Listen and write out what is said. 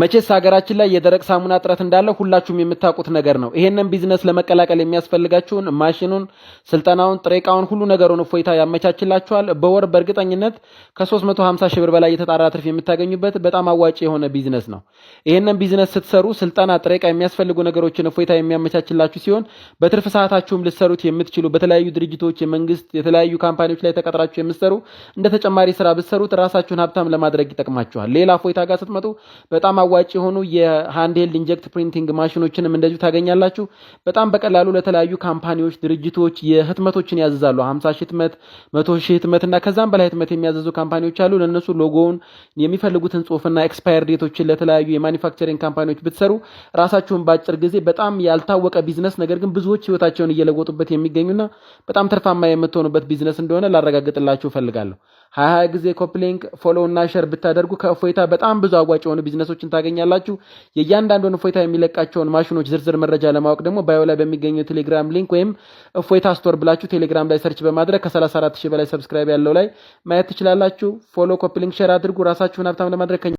መቼስ ሀገራችን ላይ የደረቅ ሳሙና እጥረት እንዳለ ሁላችሁም የምታውቁት ነገር ነው። ይሄንን ቢዝነስ ለመቀላቀል የሚያስፈልጋችሁን ማሽኑን፣ ስልጠናውን፣ ጥሬ እቃውን፣ ሁሉ ነገሩን እፎይታ ያመቻችላችኋል። በወር በእርግጠኝነት ከ350 ሺህ ብር በላይ የተጣራ ትርፍ የምታገኙበት በጣም አዋጭ የሆነ ቢዝነስ ነው። ይሄንን ቢዝነስ ስትሰሩ ስልጠና፣ ጥሬ እቃ፣ የሚያስፈልጉ ነገሮችን እፎይታ የሚያመቻችላችሁ ሲሆን በትርፍ ሰዓታችሁም ልትሰሩት የምትችሉ በተለያዩ ድርጅቶች፣ የመንግስት የተለያዩ ካምፓኒዎች ላይ ተቀጥራችሁ የምትሰሩ እንደ ተጨማሪ ስራ ብትሰሩት ራሳችሁን ሀብታም ለማድረግ ይጠቅማችኋል። ሌላ እፎይታ ጋር ስትመጡ በጣም አዋጭ የሆኑ የሃንድሄልድ ኢንጀክት ፕሪንቲንግ ማሽኖችንም እንደዚሁ ታገኛላችሁ። በጣም በቀላሉ ለተለያዩ ካምፓኒዎች፣ ድርጅቶች የህትመቶችን ያዝዛሉ። ሀምሳ ሺህ ህትመት፣ መቶ ሺህ ህትመት እና ከዛም በላይ ህትመት የሚያዘዙ ካምፓኒዎች አሉ። ለእነሱ ሎጎውን፣ የሚፈልጉትን ጽሁፍና ኤክስፓየር ዴቶችን ለተለያዩ የማኒፋክቸሪንግ ካምፓኒዎች ብትሰሩ ራሳችሁን በአጭር ጊዜ በጣም ያልታወቀ ቢዝነስ ነገር ግን ብዙዎች ህይወታቸውን እየለወጡበት የሚገኙና በጣም ትርፋማ የምትሆኑበት ቢዝነስ እንደሆነ ላረጋግጥላችሁ እፈልጋለሁ። ሀያ ጊዜ ኮፕሊንክ ፎሎ እና ሸር ብታደርጉ ከእፎይታ በጣም ብዙ አዋጭ የሆኑ ቢዝነሶችን ታገኛላችሁ። የእያንዳንዱን እፎይታ የሚለቃቸውን ማሽኖች ዝርዝር መረጃ ለማወቅ ደግሞ ባዮ ላይ በሚገኘው ቴሌግራም ሊንክ ወይም እፎይታ ስቶር ብላችሁ ቴሌግራም ላይ ሰርች በማድረግ ከ34 ሺህ በላይ ሰብስክራይብ ያለው ላይ ማየት ትችላላችሁ። ፎሎ፣ ኮፕሊንክ፣ ሸር አድርጉ። ራሳችሁን ሀብታም ለማድረግ